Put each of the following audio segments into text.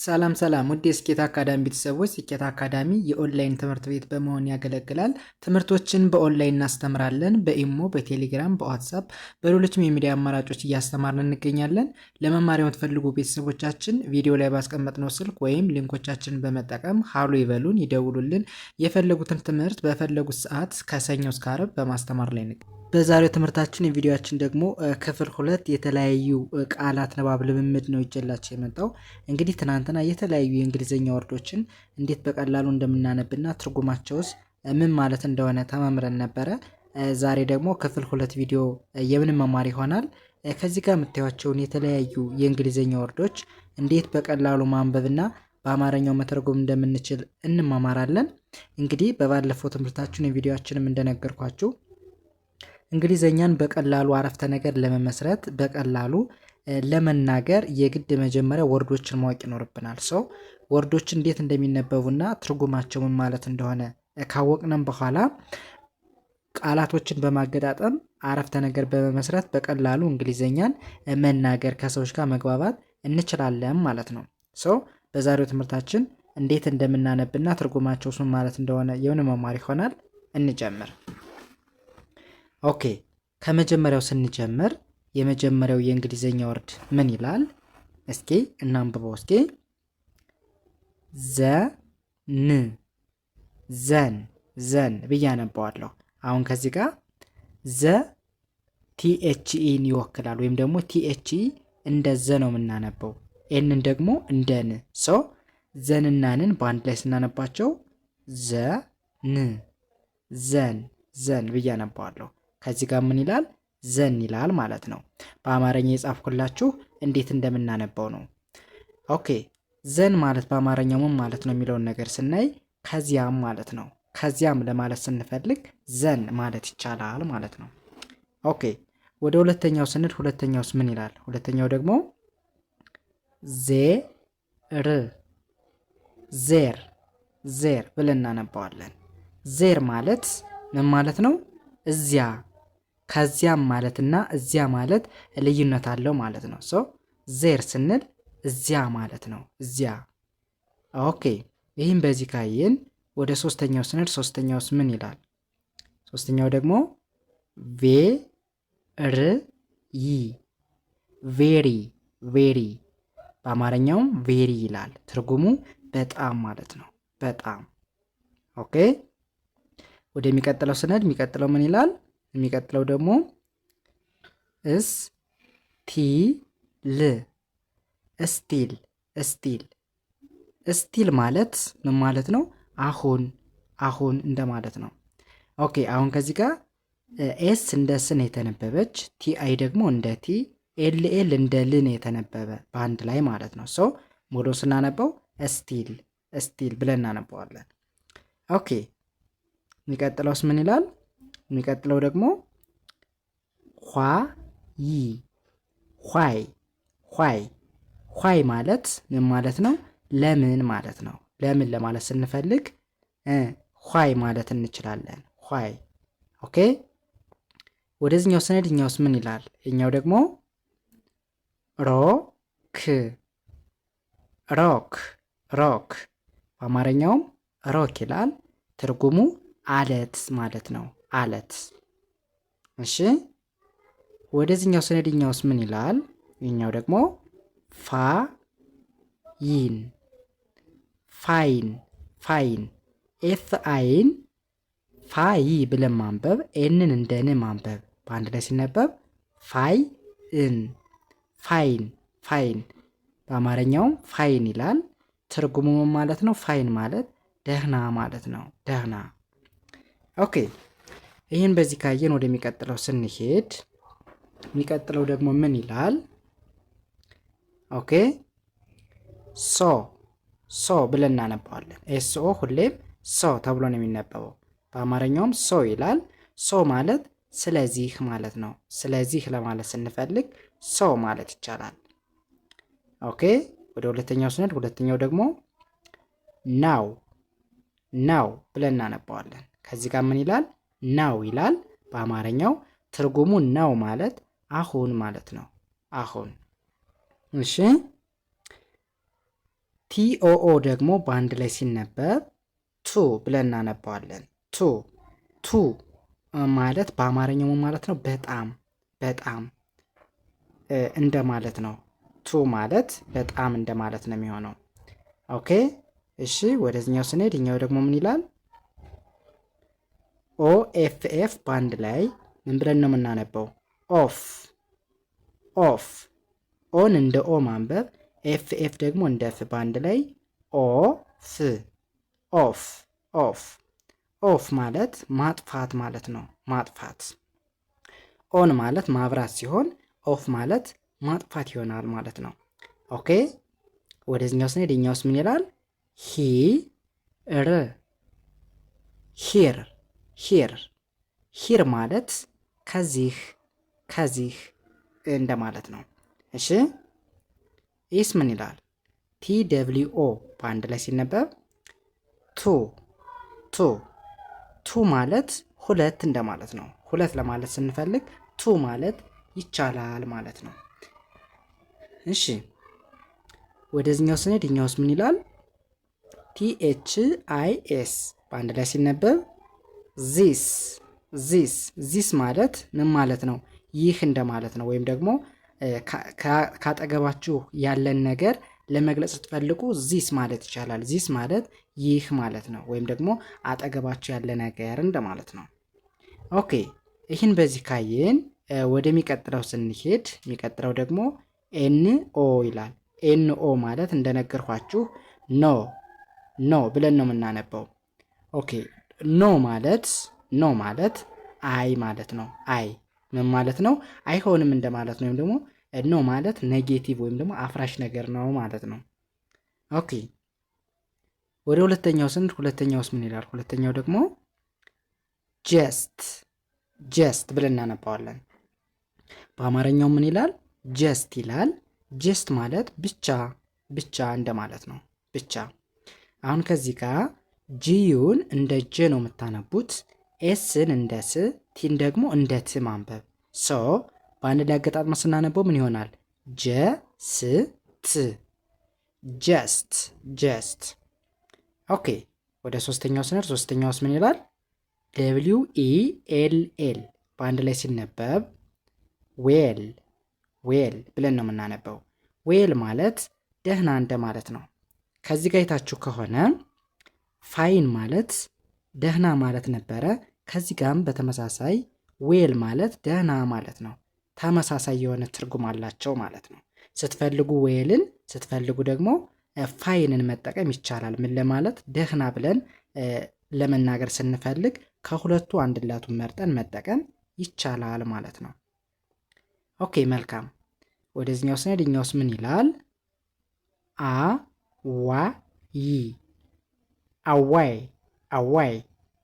ሰላም ሰላም ውድ የስኬት አካዳሚ ቤተሰቦች፣ ስኬት አካዳሚ የኦንላይን ትምህርት ቤት በመሆን ያገለግላል። ትምህርቶችን በኦንላይን እናስተምራለን። በኢሞ፣ በቴሌግራም፣ በዋትሳፕ፣ በሌሎችም የሚዲያ አማራጮች እያስተማርን እንገኛለን። ለመማሪያ የምትፈልጉ ቤተሰቦቻችን ቪዲዮ ላይ ባስቀመጥነው ስልክ ወይም ሊንኮቻችንን በመጠቀም ሀሎ ይበሉን፣ ይደውሉልን። የፈለጉትን ትምህርት በፈለጉት ሰዓት ከሰኞ እስከ ዓርብ በማስተማር ላይ እንገኛለን። በዛሬው ትምህርታችን የቪዲዮችን ደግሞ ክፍል ሁለት የተለያዩ ቃላት ንባብ ልምምድ ነው ይጀላቸው የመጣው እንግዲህ ትናንት ትናንትና የተለያዩ የእንግሊዝኛ ወርዶችን እንዴት በቀላሉ እንደምናነብና ትርጉማቸውስ ምን ማለት እንደሆነ ተማምረን ነበረ። ዛሬ ደግሞ ክፍል ሁለት ቪዲዮ መማር ይሆናል። ከዚህ ጋር የምታያቸውን የተለያዩ የእንግሊዝኛ ወርዶች እንዴት በቀላሉ ማንበብና በአማርኛው መተርጎም እንደምንችል እንማማራለን። እንግዲህ በባለፈው ትምህርታችን የቪዲዮችንም እንደነገርኳችሁ እንግሊዘኛን በቀላሉ አረፍተ ነገር ለመመስረት በቀላሉ ለመናገር የግድ መጀመሪያ ወርዶችን ማወቅ ይኖርብናል። ሰው ወርዶች እንዴት እንደሚነበቡና ትርጉማቸው ምን ማለት እንደሆነ ካወቅነም በኋላ ቃላቶችን በማገጣጠም አረፍተ ነገር በመመስረት በቀላሉ እንግሊዘኛን መናገር ከሰዎች ጋር መግባባት እንችላለን ማለት ነው። ሰው በዛሬው ትምህርታችን እንዴት እንደምናነብና ትርጉማቸው ምን ማለት እንደሆነ የሆነ መማር ይሆናል። እንጀምር። ኦኬ ከመጀመሪያው ስንጀምር የመጀመሪያው የእንግሊዘኛ ወርድ ምን ይላል? እስኪ እናንብበው። እስኪ ዘ ን ዘን ዘን ብዬ አነባዋለሁ። አሁን ከዚህ ጋር ዘ ቲኤችኢን ይወክላል ወይም ደግሞ ቲኤችኢ እንደ ዘ ነው የምናነበው። ኤንን ደግሞ እንደ ን ሰው ዘንና ንን በአንድ ላይ ስናነባቸው ዘ ን ዘን ዘን ብዬ አነባዋለሁ። ከዚህ ጋር ምን ይላል? ዘን ይላል ማለት ነው። በአማርኛ የጻፍኩላችሁ እንዴት እንደምናነባው ነው። ኦኬ ዘን ማለት በአማርኛው ምን ማለት ነው የሚለውን ነገር ስናይ ከዚያም ማለት ነው። ከዚያም ለማለት ስንፈልግ ዘን ማለት ይቻላል ማለት ነው። ኦኬ ወደ ሁለተኛው ስንል ሁለተኛውስ ምን ይላል? ሁለተኛው ደግሞ ዜር ዜር ዜር ብለን እናነባዋለን። ዜር ማለት ምን ማለት ነው? እዚያ ከዚያም ማለትና እዚያ ማለት ልዩነት አለው ማለት ነው። ሶ ዜር ስንል እዚያ ማለት ነው። እዚያ ኦኬ። ይህም በዚህ ካየን ወደ ሶስተኛው ስንል ሶስተኛውስ ምን ይላል? ሶስተኛው ደግሞ ይ ቬሪ ቬሪ በአማርኛውም ቬሪ ይላል። ትርጉሙ በጣም ማለት ነው። በጣም ኦኬ። ወደሚቀጥለው ስነድ የሚቀጥለው ምን ይላል? የሚቀጥለው ደግሞ እስ ቲ ል እስቲል እስቲል እስቲል ማለት ምን ማለት ነው? አሁን አሁን እንደማለት ነው። ኦኬ አሁን ከዚህ ጋር ኤስ እንደ ስን የተነበበች ቲ አይ ደግሞ እንደ ቲ ኤል ኤል እንደ ልን የተነበበ በአንድ ላይ ማለት ነው። ሰው ሙሉ ስናነበው እስቲል እስቲል ብለን እናነበዋለን። ኦኬ የሚቀጥለውስ ምን ይላል? የሚቀጥለው ደግሞ ኋ ይ ኋይ ኋይ ኋይ ማለት ምን ማለት ነው? ለምን ማለት ነው። ለምን ለማለት ስንፈልግ ኋይ ማለት እንችላለን። ኋይ ኦኬ። ወደዚህኛው ስንሄድ እኛውስ ምን ይላል? እኛው ደግሞ ሮክ ሮክ ሮክ በአማርኛውም ሮክ ይላል። ትርጉሙ አለት ማለት ነው። አለት። እሺ ወደዚህኛው ስነድኛውስ ምን ይላል? ይኛው ደግሞ ፋ ይን ፋይን ፋይን ኤፍ አይን ፋይ ብለን ማንበብ ኤንን እንደ ን ማንበብ በአንድ ላይ ሲነበብ ፋይ እን ፋይን ፋይን በአማርኛውም ፋይን ይላል። ትርጉሙም ማለት ነው ፋይን ማለት ደህና ማለት ነው። ደህና ኦኬ ይህን በዚህ ካየን ወደሚቀጥለው ስንሄድ የሚቀጥለው ደግሞ ምን ይላል? ኦኬ ሶ ሶ ብለን እናነባዋለን። ኤስኦ ሁሌም ሶ ተብሎ ነው የሚነበበው። በአማርኛውም ሶ ይላል። ሶ ማለት ስለዚህ ማለት ነው። ስለዚህ ለማለት ስንፈልግ ሶ ማለት ይቻላል። ኦኬ ወደ ሁለተኛው ስንሄድ ሁለተኛው ደግሞ ናው ናው ብለን እናነባዋለን። ከዚህ ጋር ምን ይላል? ነው ይላል። በአማርኛው ትርጉሙ ነው ማለት አሁን ማለት ነው። አሁን እሺ። ቲኦኦ ደግሞ በአንድ ላይ ሲነበብ ቱ ብለን እናነባዋለን። ቱ ቱ ማለት በአማርኛው ማለት ነው በጣም በጣም እንደ ማለት ነው። ቱ ማለት በጣም እንደ ማለት ነው የሚሆነው። ኦኬ እሺ። ወደዚኛው ስንሄድ እኛው ደግሞ ምን ይላል? ኦ ኤፍ ኤፍ በአንድ ላይ ምን ብለን ነው የምናነበው? ኦፍ ኦፍ። ኦን እንደ ኦ ማንበብ፣ ኤፍ ኤፍ ደግሞ እንደ ፍ፣ በአንድ ላይ ኦ ፍ ኦፍ ኦፍ ኦፍ ማለት ማጥፋት ማለት ነው። ማጥፋት ኦን ማለት ማብራት ሲሆን ኦፍ ማለት ማጥፋት ይሆናል ማለት ነው። ኦኬ ወደዚህኛው ስንሄድ የኛውስ ምን ይላል? ሂር ሂር ሂር ሂር ማለት ከዚህ ከዚህ እንደማለት ነው። እሺ ይስ ምን ይላል? ቲ ደብሊው ኦ በአንድ ላይ ሲነበብ ቱ ቱ ቱ ማለት ሁለት እንደማለት ነው። ሁለት ለማለት ስንፈልግ ቱ ማለት ይቻላል ማለት ነው። እሺ ወደዚህኛው ስንሄድ እኛውስ ምን ይላል? ቲኤች አይ ኤስ በአንድ ላይ ሲነበብ ዚስ ዚስ ዚስ ማለት ምን ማለት ነው? ይህ እንደማለት ነው። ወይም ደግሞ ካጠገባችሁ ያለን ነገር ለመግለጽ ስትፈልጉ ዚስ ማለት ይቻላል። ዚስ ማለት ይህ ማለት ነው። ወይም ደግሞ አጠገባችሁ ያለ ነገር እንደማለት ነው። ኦኬ ይህን በዚህ ካየን ወደሚቀጥለው ስንሄድ የሚቀጥለው ደግሞ ኤን ኦ ይላል። ኤን ኦ ማለት እንደነገርኳችሁ ኖ ኖ ብለን ነው የምናነበው። ኦኬ ኖ ማለት ኖ ማለት አይ ማለት ነው። አይ ምን ማለት ነው? አይሆንም እንደማለት ነው። ወይም ደግሞ ኖ ማለት ኔጌቲቭ ወይም ደግሞ አፍራሽ ነገር ነው ማለት ነው። ኦኬ ወደ ሁለተኛው ስንድ ሁለተኛውስ ምን ይላል? ሁለተኛው ደግሞ ጀስት ጀስት ብለን እናነባዋለን። በአማርኛው ምን ይላል? ጀስት ይላል። ጀስት ማለት ብቻ ብቻ እንደማለት ነው። ብቻ አሁን ከዚህ ጋር ጂዩን እንደ ጅ ነው የምታነቡት። ኤስን እንደ ስ፣ ቲን ደግሞ እንደ ት ማንበብ። ሶ በአንድ ላይ አገጣጥመ ስናነበው ምን ይሆናል? ጀ ስ ት ጀስት ጀስት። ኦኬ ወደ ሶስተኛው ስንሄድ ሶስተኛውስ ምን ይላል? ደብሊው ኢ ኤል ኤል በአንድ ላይ ሲነበብ ዌል ዌል ብለን ነው የምናነበው። ዌል ማለት ደህና እንደማለት ነው። ከዚህ ጋር የታችሁ ከሆነ ፋይን ማለት ደህና ማለት ነበረ። ከዚህ ጋርም በተመሳሳይ ዌል ማለት ደህና ማለት ነው። ተመሳሳይ የሆነ ትርጉም አላቸው ማለት ነው። ስትፈልጉ ዌልን፣ ስትፈልጉ ደግሞ ፋይንን መጠቀም ይቻላል። ምን ለማለት ደህና ብለን ለመናገር ስንፈልግ ከሁለቱ አንድላቱን መርጠን መጠቀም ይቻላል ማለት ነው። ኦኬ መልካም። ወደዚኛው ስነድኛውስ ምን ይላል? አ ዋ ይ አዋይ አዋይ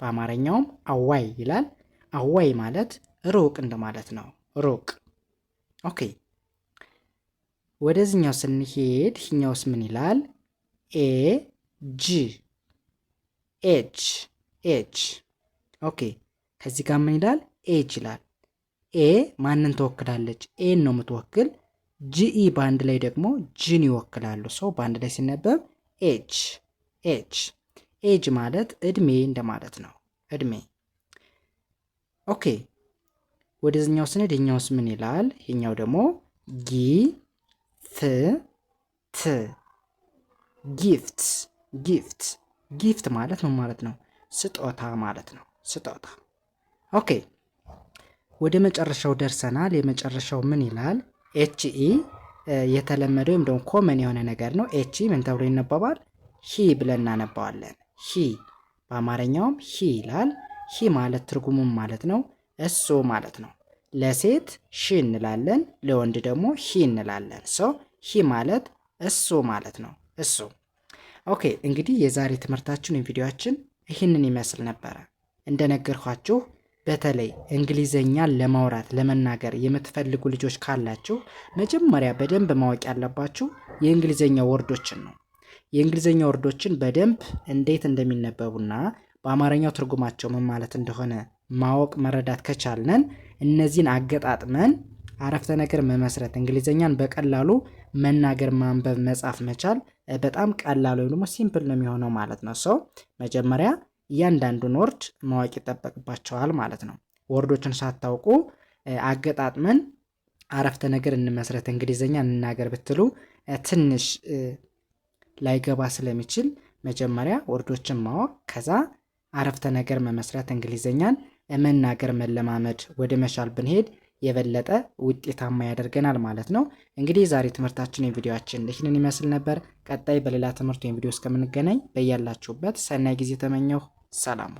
በአማርኛውም አዋይ ይላል። አዋይ ማለት ሩቅ እንደማለት ነው። ሩቅ ኦኬ። ወደዚህኛው ስንሄድ ይህኛውስ ምን ይላል? ኤ ጂ ኤች ኤች ኦኬ። ከዚህ ጋር ምን ይላል? ኤች ይላል። ኤ ማንን ትወክላለች? ኤን ነው የምትወክል። ጂኢ በአንድ ላይ ደግሞ ጂን ይወክላሉ። ሰው በአንድ ላይ ሲነበብ ኤች ኤች ኤጅ ማለት እድሜ እንደማለት ነው። እድሜ ኦኬ። ወደዚኛው ስንሄድ የኛውስ ምን ይላል? ይኛው ደግሞ ጊ ት ት ጊፍት ጊፍት ጊፍት ማለት ምን ማለት ነው? ስጦታ ማለት ነው። ስጦታ ኦኬ። ወደ መጨረሻው ደርሰናል። የመጨረሻው ምን ይላል? ኤች ኢ የተለመደ ወይም ደግሞ ኮመን የሆነ ነገር ነው። ኤች ኢ ምን ተብሎ ይነበባል? ሂ ብለን እናነባዋለን። ሂ በአማርኛውም ሂ ይላል። ሂ ማለት ትርጉሙም ማለት ነው እሱ ማለት ነው። ለሴት ሺ እንላለን፣ ለወንድ ደግሞ ሂ እንላለን። ሶ ሂ ማለት እሱ ማለት ነው እሱ። ኦኬ እንግዲህ የዛሬ ትምህርታችን ቪዲዮችን ይህንን ይመስል ነበረ። እንደነገርኳችሁ በተለይ እንግሊዘኛን ለማውራት ለመናገር የምትፈልጉ ልጆች ካላችሁ መጀመሪያ በደንብ ማወቅ ያለባችሁ የእንግሊዘኛ ወርዶችን ነው። የእንግሊዝኛ ወርዶችን በደንብ እንዴት እንደሚነበቡና በአማርኛው ትርጉማቸው ምን ማለት እንደሆነ ማወቅ መረዳት ከቻልነን እነዚህን አገጣጥመን አረፍተ ነገር መመስረት እንግሊዝኛን በቀላሉ መናገር፣ ማንበብ፣ መጻፍ መቻል በጣም ቀላል ወይም ደግሞ ሲምፕል ነው የሚሆነው ማለት ነው። ሰው መጀመሪያ እያንዳንዱን ወርድ ማወቅ ይጠበቅባቸዋል ማለት ነው። ወርዶችን ሳታውቁ አገጣጥመን አረፍተ ነገር እንመስረት፣ እንግሊዝኛ እንናገር ብትሉ ትንሽ ላይገባ ስለሚችል መጀመሪያ ወርዶችን ማወቅ ከዛ አረፍተ ነገር መመስረት እንግሊዝኛን መናገር መለማመድ ወደ መቻል ብንሄድ የበለጠ ውጤታማ ያደርገናል ማለት ነው። እንግዲህ ዛሬ ትምህርታችን የቪዲዮችን ይህንን ይመስል ነበር። ቀጣይ በሌላ ትምህርት ወይም ቪዲዮ እስከምንገናኝ በያላችሁበት ሰናይ ጊዜ ተመኘሁ። ሰላሙ